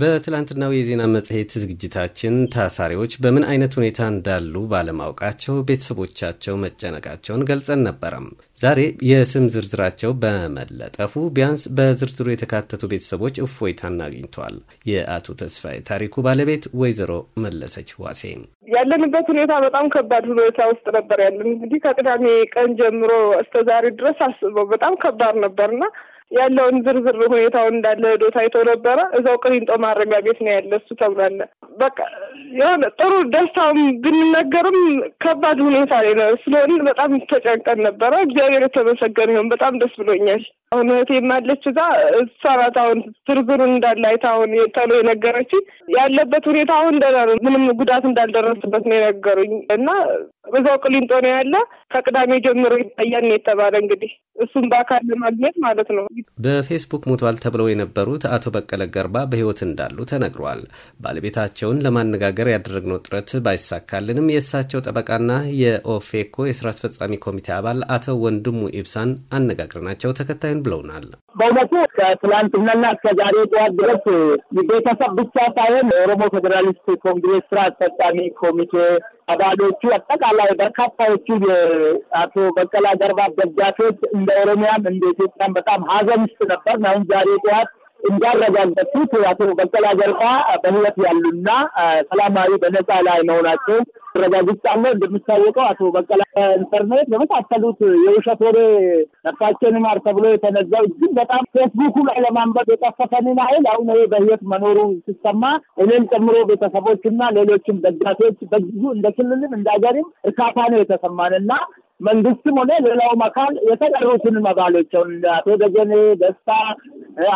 በትላንትናው የዜና መጽሔት ዝግጅታችን ታሳሪዎች በምን አይነት ሁኔታ እንዳሉ ባለማወቃቸው ቤተሰቦቻቸው መጨነቃቸውን ገልጸን ነበረም። ዛሬ የስም ዝርዝራቸው በመለጠፉ ቢያንስ በዝርዝሩ የተካተቱ ቤተሰቦች እፎይታን አግኝተዋል። የአቶ ተስፋዬ ታሪኩ ባለቤት ወይዘሮ መለሰች ዋሴ ያለንበት ሁኔታ በጣም ከባድ ሁኔታ ውስጥ ነበር ያለን። እንግዲህ ከቅዳሜ ቀን ጀምሮ እስከ ዛሬ ድረስ አስበው በጣም ከባድ ነበርና ያለውን ዝርዝር ሁኔታውን እንዳለ ሄዶ ታይቶ ነበረ። እዛው ቅሊንጦ ማረሚያ ቤት ነው ያለ እሱ ተብሏል። በቃ የሆነ ጥሩ ደስታም ብንነገርም ከባድ ሁኔታ ላይ ነው ስለሆን በጣም ተጨንቀን ነበረ። እግዚአብሔር የተመሰገነ ይሁን። በጣም ደስ ብሎኛል። አሁን እህቴም አለች እዛ እሷ ናት አሁን ዝርዝሩን እንዳለ አይታ አሁን ተሎ የነገረች ያለበት ሁኔታ አሁን ደህና ነው፣ ምንም ጉዳት እንዳልደረስበት ነው የነገሩኝ እና እዛው ቅሊንጦ ነው ያለ። ከቅዳሜ ጀምሮ ይታያል ነው የተባለ። እንግዲህ እሱም በአካል ለማግኘት ማለት ነው። በፌስቡክ ሙቷል ተብለው የነበሩት አቶ በቀለ ገርባ በህይወት እንዳሉ ተነግሯል። ባለቤታቸውን ለማነጋ ለማነጋገር ያደረግነው ጥረት ባይሳካልንም የእሳቸው ጠበቃና የኦፌኮ የስራ አስፈጻሚ ኮሚቴ አባል አቶ ወንድሙ ኢብሳን አነጋግረናቸው ተከታዩን ብለውናል። በእውነቱ ከትላንትናና እስከዛሬ ጠዋት ድረስ ቤተሰብ ብቻ ሳይሆን የኦሮሞ ፌዴራሊስት ኮንግሬስ ስራ አስፈጻሚ ኮሚቴ አባሎቹ አጠቃላይ በርካታዎቹ የአቶ በቀላ ገርባ ደጋፊዎች እንደ ኦሮሚያም እንደ ኢትዮጵያም በጣም ሀዘን ውስጥ ነበር። አሁን ዛሬ ጠዋት እንዳረጋገጡት አቶ በቀላ ገርባ በህይወት ያሉና ሰላማዊ በነጻ ላይ መሆናቸው ረጋግጫለሁ። እንደሚታወቀው አቶ በቀላ ኢንተርኔት በመሳሰሉት የውሸት ወሬ ነፍሳችን ይማር ተብሎ የተነዛው እጅግ በጣም ፌስቡኩ ላይ ለማንበብ የጠፈፈንን ኃይል አሁን ይሄ በህይወት መኖሩ ሲሰማ እኔም ጨምሮ ቤተሰቦችና ሌሎችም ደጋፊዎች በጊዙ እንደ ክልልም እንደ ሀገርም እርካታ ነው የተሰማን የተሰማንና መንግስትም ሆነ ሌላውም አካል የተቀሩትን መባሎቸውን አቶ ደጀኔ ደስታ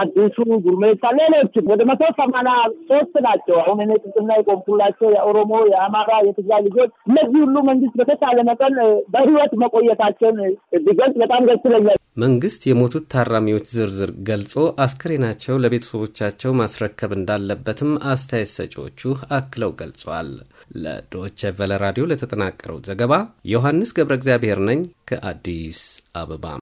አዲሱ ጉርሜሳ፣ ሌሎችም ወደ መቶ ሰማና ሶስት ናቸው። አሁን እኔ ጥብቅና የቆምኩላቸው የኦሮሞ፣ የአማራ፣ የትግራይ ልጆች እነዚህ ሁሉ መንግስት በተቻለ መጠን በህይወት መቆየታቸውን ቢገልጽ በጣም ደስ ይለኛል። መንግስት የሞቱት ታራሚዎች ዝርዝር ገልጾ አስክሬናቸው ለቤተሰቦቻቸው ማስረከብ እንዳለበትም አስተያየት ሰጪዎቹ አክለው ገልጿል። ለዶይቼ ቨለ ራዲዮ ለተጠናቀረው ዘገባ ዮሐንስ ገብረ እግዚአብሔር ነኝ ከአዲስ አበባ